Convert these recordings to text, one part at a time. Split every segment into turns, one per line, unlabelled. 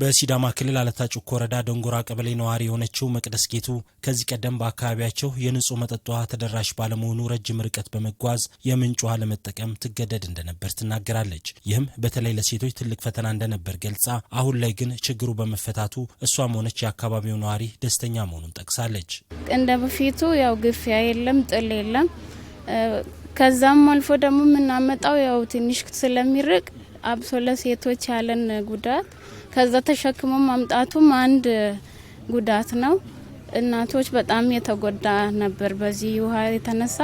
በሲዳማ ክልል አለታ ጩኮ ወረዳ ደንጎራ ቀበሌ ነዋሪ የሆነችው መቅደስ ጌቱ ከዚህ ቀደም በአካባቢያቸው የንጹህ መጠጥ ውሃ ተደራሽ ባለመሆኑ ረጅም ርቀት በመጓዝ የምንጭ ውሃ ለመጠቀም ትገደድ እንደነበር ትናገራለች። ይህም በተለይ ለሴቶች ትልቅ ፈተና እንደነበር ገልጻ፣ አሁን ላይ ግን ችግሩ በመፈታቱ እሷም ሆነች የአካባቢው ነዋሪ ደስተኛ መሆኑን ጠቅሳለች።
እንደ በፊቱ ያው ግፊያ የለም፣ ጥል የለም ከዛም አልፎ ደግሞ የምናመጣው ያው ትንሽ ስለሚርቅ አብሶ ለሴቶች ያለን ጉዳት ከዛ ተሸክሞ ማምጣቱም አንድ ጉዳት ነው። እናቶች በጣም የተጎዳ ነበር በዚህ ውሃ የተነሳ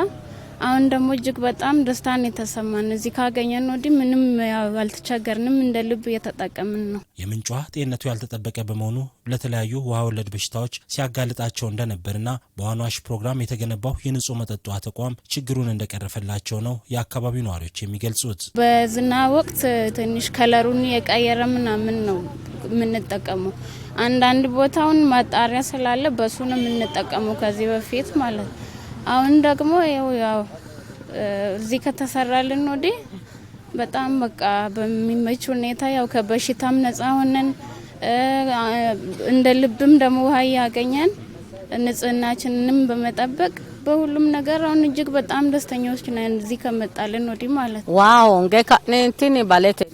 አሁን ደግሞ እጅግ በጣም ደስታን የተሰማን እዚህ ካገኘን ወዲህ ምንም አልተቸገርንም፣ እንደ ልብ እየተጠቀምን ነው።
የምንጭ ውሃ ጤንነቱ ያልተጠበቀ በመሆኑ ለተለያዩ ውሃ ወለድ በሽታዎች ሲያጋልጣቸው እንደነበርና በዋኗሽ ፕሮግራም የተገነባው የንጹህ መጠጥ ውሃ ተቋም ችግሩን እንደቀረፈላቸው ነው የአካባቢው ነዋሪዎች የሚገልጹት።
በዝናብ ወቅት ትንሽ ከለሩን የቀየረ ምናምን ነው የምንጠቀመው። አንዳንድ ቦታውን ማጣሪያ ስላለ በሱ ነው የምንጠቀመው ከዚህ በፊት ማለት ነው አሁን ደግሞ ያው ያው እዚህ ከተሰራልን ወዲህ በጣም በቃ በሚመች ሁኔታ ያው ከበሽታም ነጻ ሆነን እንደ ልብም ደግሞ ውሃ እያገኘን ንጽህናችንንም በመጠበቅ በሁሉም ነገር አሁን እጅግ በጣም ደስተኛዎች ነን፣ እዚህ ከመጣልን ወዲህ ማለት
ዋው።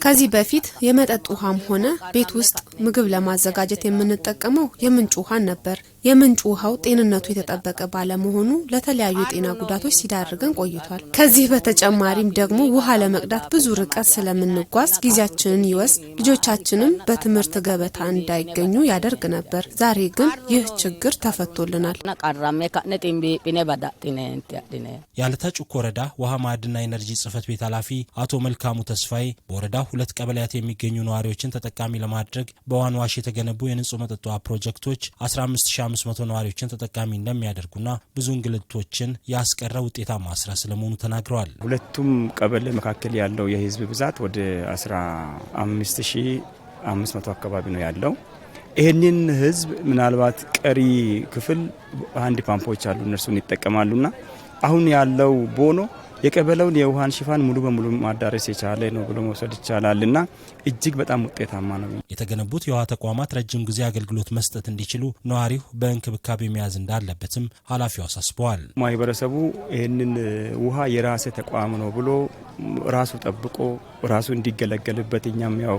ከዚህ በፊት የመጠጥ ውሃም ሆነ ቤት ውስጥ ምግብ ለማዘጋጀት የምንጠቀመው የምንጭ ውሃን ነበር። የምንጩ ውሃው ጤንነቱ የተጠበቀ ባለመሆኑ ለተለያዩ የጤና ጉዳቶች ሲዳርገን ቆይቷል። ከዚህ በተጨማሪም ደግሞ ውሃ ለመቅዳት ብዙ ርቀት ስለምንጓዝ ጊዜያችንን ይወስድ፣ ልጆቻችንም በትምህርት ገበታ እንዳይገኙ ያደርግ ነበር። ዛሬ ግን ይህ ችግር ተፈቶልናል።
የአለታ ጩኮ ወረዳ ውሃ ማዕድና ኤነርጂ ጽህፈት ቤት ኃላፊ አቶ መልካሙ ተስፋዬ በወረዳ ሁለት ቀበሌያት የሚገኙ ነዋሪዎችን ተጠቃሚ ለማድረግ በዋንዋሽ የተገነቡ የንጹህ መጠጥ ውሃ ፕሮጀክቶች 15 አምስት ነዋሪዎችን ተጠቃሚ እንደሚያደርጉና ብዙ እንግልቶችን ያስቀረ ውጤታማ ስራ ስለመሆኑ ተናግረዋል። ሁለቱም ቀበሌ መካከል ያለው የህዝብ ብዛት ወደ 15500 አካባቢ ነው ያለው። ይህንን ህዝብ ምናልባት ቀሪ ክፍል አንድ ፓምፖች አሉ እነርሱን ይጠቀማሉና አሁን ያለው ቦኖ የቀበለውን የውሃን ሽፋን ሙሉ በሙሉ ማዳረስ የቻለ
ነው ብሎ መውሰድ ይቻላል እና እጅግ በጣም ውጤታማ ነው። የተገነቡት የውሃ ተቋማት ረጅም ጊዜ አገልግሎት መስጠት እንዲችሉ ነዋሪው በእንክብካቤ መያዝ እንዳለበትም ኃላፊው አሳስበዋል። ማህበረሰቡ ይህንን ውሃ የራሴ ተቋም ነው ብሎ ራሱ ጠብቆ ራሱ እንዲገለገልበት እኛም ያው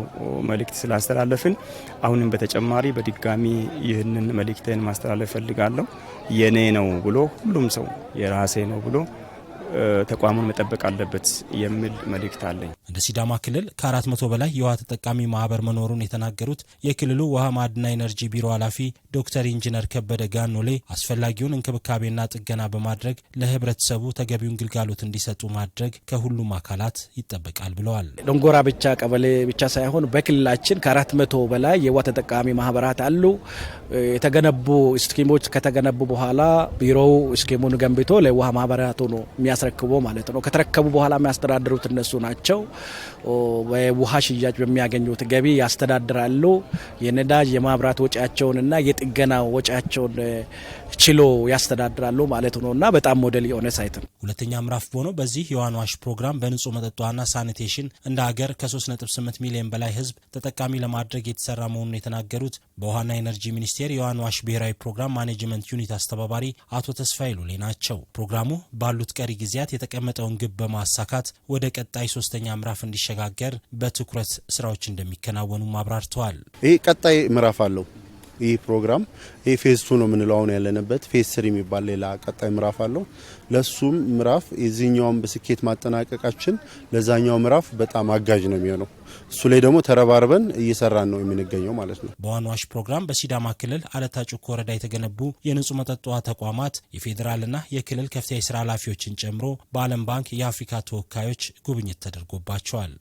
መልእክት ስላስተላለፍን አሁንም በተጨማሪ
በድጋሚ ይህንን መልእክትን ማስተላለፍ ፈልጋለሁ። የኔ ነው ብሎ ሁሉም ሰው የራሴ ነው ብሎ ተቋሙን መጠበቅ አለበት የሚል መልእክት አለኝ። እንደ ሲዳማ ክልል ከአራት መቶ በላይ የውሃ ተጠቃሚ ማህበር መኖሩን የተናገሩት የክልሉ ውሃ ማዕድና ኢነርጂ
ቢሮ ኃላፊ ዶክተር ኢንጂነር ከበደ ጋኖሌ አስፈላጊውን እንክብካቤና ጥገና በማድረግ ለህብረተሰቡ ተገቢውን ግልጋሎት እንዲሰጡ ማድረግ ከሁሉም አካላት ይጠበቃል ብለዋል። ደንጎራ ብቻ ቀበሌ ብቻ ሳይሆን በክልላችን ከአራት መቶ በላይ የውሃ ተጠቃሚ ማህበራት አሉ። የተገነቡ ስኪሞች ከተገነቡ በኋላ ቢሮው ስኪሙን ገንብቶ ለውሃ ማህበራቱ ነው የሚያስ አስረክቦ ማለት ነው። ከተረከቡ በኋላ የሚያስተዳድሩት እነሱ ናቸው። በውሃ
ሽያጭ በሚያገኙት ገቢ ያስተዳድራሉ። የነዳጅ የማብራት ወጪያቸውንና የጥገና ወጪያቸውን ችሎ ያስተዳድራሉ ማለት ነው እና በጣም ሞዴል የሆነ ሳይት ነው። ሁለተኛ ምዕራፍ በሆነው በዚህ የዋን ዋሽ ፕሮግራም በንጹህ መጠጥ ውሃና ሳኒቴሽን እንደ ሀገር ከ3.8 ሚሊዮን በላይ ህዝብ ተጠቃሚ ለማድረግ የተሰራ መሆኑን የተናገሩት በውሃና ኤነርጂ ሚኒስቴር የዋን ዋሽ ብሔራዊ ፕሮግራም ማኔጅመንት ዩኒት አስተባባሪ
አቶ ተስፋዬ ሉሌ ናቸው። ፕሮግራሙ ባሉት ቀሪ ጊዜ ጊዜያት የተቀመጠውን ግብ በማሳካት ወደ ቀጣይ ሶስተኛ ምዕራፍ እንዲሸጋገር በትኩረት ስራዎች እንደሚከናወኑም አብራርተዋል። ይህ ቀጣይ ምዕራፍ አለው። ይህ ፕሮግራም ይህ ፌዝ ቱ ነው የምንለው አሁን ያለንበት። ፌዝ ስሪ የሚባል ሌላ
ቀጣይ ምዕራፍ አለው። ለሱም ምዕራፍ የዚህኛውን በስኬት ማጠናቀቃችን ለዛኛው ምዕራፍ በጣም አጋዥ ነው የሚሆነው። እሱ ላይ ደግሞ ተረባርበን እየሰራን ነው የምንገኘው ማለት ነው። በዋንዋሽ ፕሮግራም በሲዳማ ክልል አለታ ጩኮ ወረዳ የተገነቡ የንጹህ መጠጥ ውሃ ተቋማት የፌዴራልና የክልል ከፍተኛ የስራ ኃላፊዎችን ጨምሮ በዓለም ባንክ የአፍሪካ ተወካዮች ጉብኝት ተደርጎባቸዋል።